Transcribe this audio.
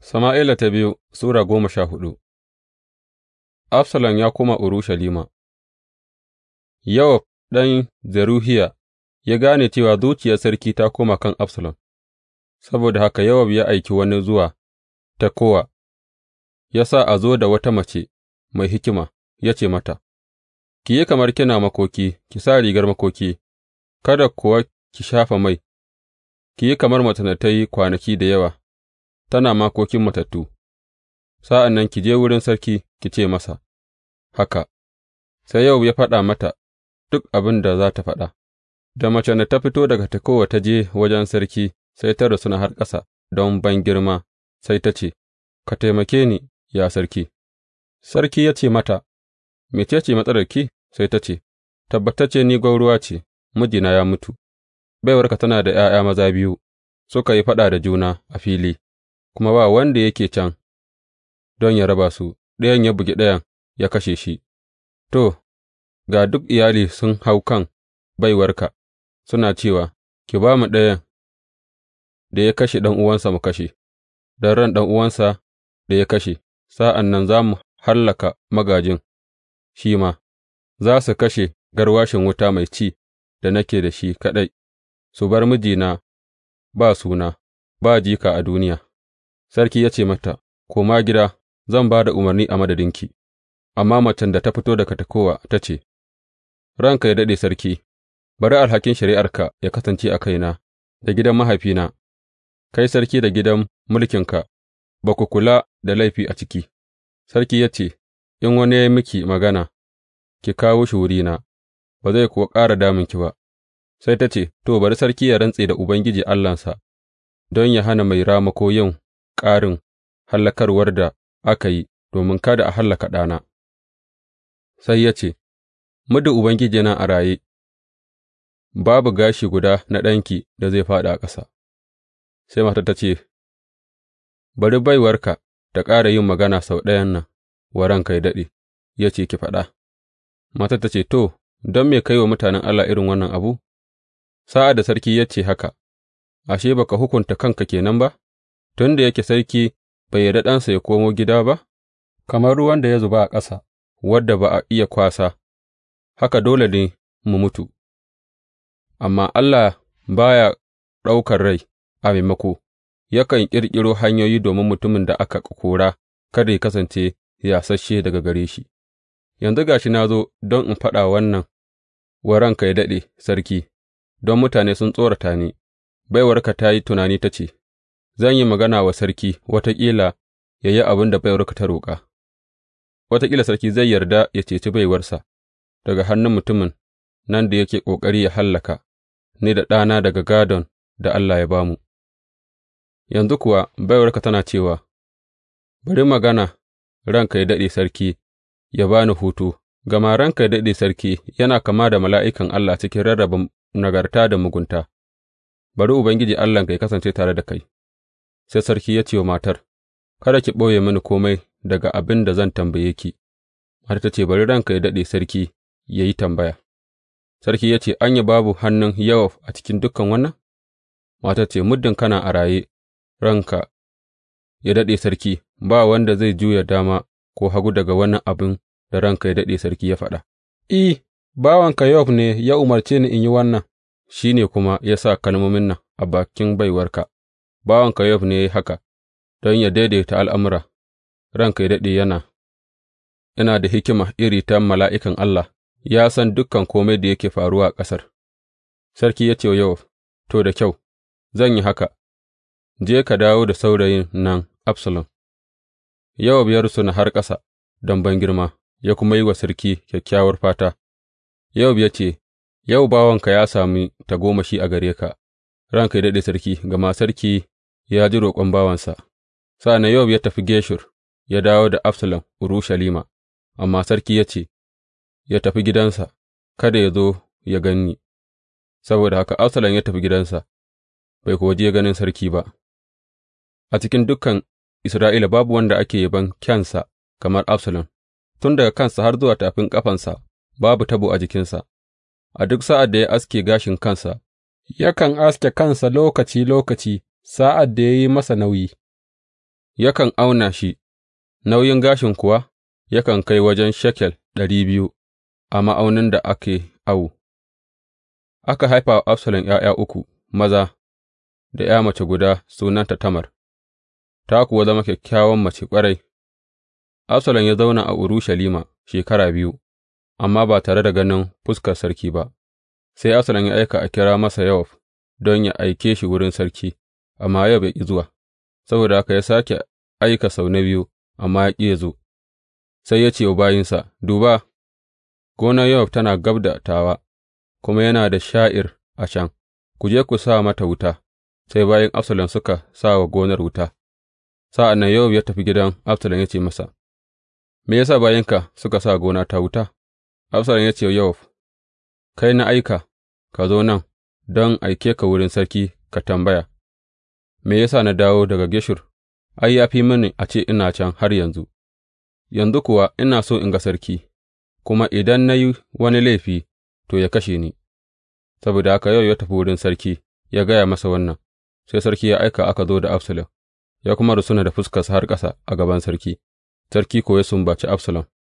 Sama'ila ta biyu Sura goma sha hudu Absalom ya koma Urushalima Yawab ɗan Zeruhiya ya gane cewa zuciyar sarki ta koma kan Absalom, saboda haka yawab ya aiki wani zuwa ta kowa. ya sa a zo da wata mace mai hikima, ya ce mata, Ki yi kamar kina makoki, ki sa rigar makoki, kada kuwa ki shafa mai, ki yi kamar mace da ta yi kwanaki da yawa. tana makokin matattu, sa'an nan ki je wurin sarki ki ce masa haka, sai yau ya faɗa mata duk abin da za ta faɗa, da mace da ta fito daga kowa ta je wajen sarki sai ta rasu na har ƙasa don ban girma, sai ta ce, Ka taimake ni, ya sarki. Sarki ya ce mata, Mece ce matsalarki? Sai ta ce, Tabbatacce ni gwauruwa ce, mijina ya mutu, baiwarka tana da ’ya'ya maza biyu, suka yi faɗa da juna a fili, kuma ba wanda yake can don yă raba su, ɗayan ya bugi ɗayan ya kashe shi, to, ga duk iyali sun hau kan baiwarka, suna cewa, Ki ba mu ɗayan da ya kashe ɗan uwansa mu kashe, don ran ɗan uwansa da ya kashe, sa'an nan za mu hallaka magajin shi ma, za su kashe garwashin wuta mai ci da nake da shi kaɗai, su bar mijina ba suna, ba jika a duniya. Sarki ya ce mata, Koma gida, zan ba da umarni a madadinki, amma macen da ta fito daga takowa, ta ce, Ranka ya daɗe, sarki, bari alhakin shari'arka ya kasance a kaina da gidan mahaifina, kai sarki da gidan mulkinka, ba ku kula da laifi a ciki. Sarki ya ce, In wani ya yi miki magana, ki kawo shi wurina, ba zai kuwa ƙara ki ba. Sai ta ce, To, bari sarki ya rantse da Ubangiji Allahnsa, don ya hana mai ramako yin ƙarin hallakarwar da aka yi domin kada a hallaka ɗana, sai ya ce, Muddin Ubangiji yana a raye, babu gashi guda na ɗanki da zai fāɗi a ƙasa. Sai mata ta ce, Bari baiwarka ta ƙara yin magana sau ɗayan nan, wa ranka ya daɗe, ya ce ki faɗa. Matar ta ce, To, don me kai wa mutanen Allah irin wannan abu? Sa'ad da sarki ya ce haka, ashe, baka hukunta kanka kenan ba? tun da yake sarki bai yarda ɗansa ya komo gida ba, kamar ruwan da ya zuba a ƙasa, wadda ba a iya kwasa, haka dole ne mu mutu, amma Allah ba ya ɗaukar rai a maimako, yakan ƙirƙiro hanyoyi domin mutumin da aka kora kada ya kasance yasasshe daga gare shi. Yanzu gashi na zo don in faɗa wannan wa ranka ya daɗe, sarki, don mutane sun tsorata ni, baiwarka ta yi tunani ta ce, zan yi magana wa sarki, wataƙila ya yi abin da baiwarka ta roƙa, wataƙila sarki zai yarda ya ceci baiwarsa daga hannun mutumin nan da yake ƙoƙari ya hallaka ni da ɗana daga gadon da Allah ya bamu. Yanzu kuwa baiwarka tana cewa, Bari magana ranka ya daɗe sarki, ya ba ni hutu, gama ranka ya daɗe sarki yana kama da mala'ikan Allah cikin rarraba nagarta da mugunta, bari Ubangiji Allahnka ya kasance tare da kai. Sai sarki ya ce wa matar, Kada ki ɓoye mini kome daga abin da zan tambaye ki, matar ta ce, Bari ranka ya daɗe sarki ya yi tambaya. Sarki ya ce, Anya babu hannun Yawaf a cikin dukan wannan? Matar ce, Muddin kana a raye, ranka ya daɗe sarki, ba wanda zai juya dama ko hagu daga wannan abin da ranka ya daɗe sarki ya faɗa. I, bawanka Yawaf ne ya umarce ni in yi wannan, shi ne kuma ya sa kalmomin nan a bakin baiwarka. bawanka Yowab ne ya yi haka don yă daidaita al'amura, ranka yă daɗe yana, yana da hikima iri ta mala'ikan Allah, ya san dukan kome da yake faruwa a ƙasar. Sarki ya ce wa Yowab, To, da kyau, zan yi haka, je ka dawo da saurayin nan Absalom. Yowab ya na har ƙasa don girma, ya kuma yi wa sarki kyakkyawar fata. Yowab ya ce, Yau bawanka ya sami tagomashi a gare ka, ranka yă daɗe sarki, gama sarki ya ji roƙon bawansa. Sa'an nan Yowab ya tafi Geshur ya dawo da Absalom Urushalima, amma sarki ya ce, Ya tafi gidansa, kada ya zo ya gan ni, saboda haka Absalom ya tafi gidansa, bai kuwa je ganin sarki ba. A cikin dukan Isra'ila babu wanda ake yaban kyansa kamar Absalom, tun daga kansa har zuwa tafin ƙafansa babu tabo a jikinsa, a duk sa'ad da ya aske gashin kansa, yakan aske kansa lokaci-lokaci sa'ad da ya yi masa nauyi, yakan auna shi, nauyin gashin kuwa yakan kai wajen shekel ɗari biyu a ma'aunin da ake awo. Aka haifa wa Absalom ’ya'ya uku maza da ’ya mace guda sunanta Tamar, ta kuwa zama kyakkyawan mace ƙwarai. Absalom ya zauna a Urushalima shekara biyu, amma ba tare da ganin fuskar sarki ba, sai Absalom ya aika a kira masa yawaf don ya aike shi wurin sarki. amma Yowab ya ƙi zuwa, saboda haka ya sake aika sau na biyu, amma ya ƙi ya zo, sai ya ce wa bayinsa, Duba, gonar Yowab tana gab da tawa, kuma yana da sha'ir a can, ku je ku sa mata wuta, sai bayin Absalom suka sa wa gonar wuta. Sa'an nan Yowab ya tafi gidan Absalom ya ce masa, Me yasa bayinka suka sa gona ta wuta? Absalom ya ce wa Yowab, Kai na aika, ka zo nan, don aike ka wurin sarki ka tambaya. Me ya sa na dawo daga Geshur? Ai, ya fi mini a ce ina can har yanzu, yanzu kuwa ina so in ga sarki, kuma idan na yi wani laifi, to ya kashe ni, saboda haka yau ya tafi wurin sarki, ya gaya masa wannan, sai sarki ya aika aka zo da Absalom, ya kuma rusuna da fuskarsa har ƙasa a gaban sarki, sarki ko ya sumbaci Absalom.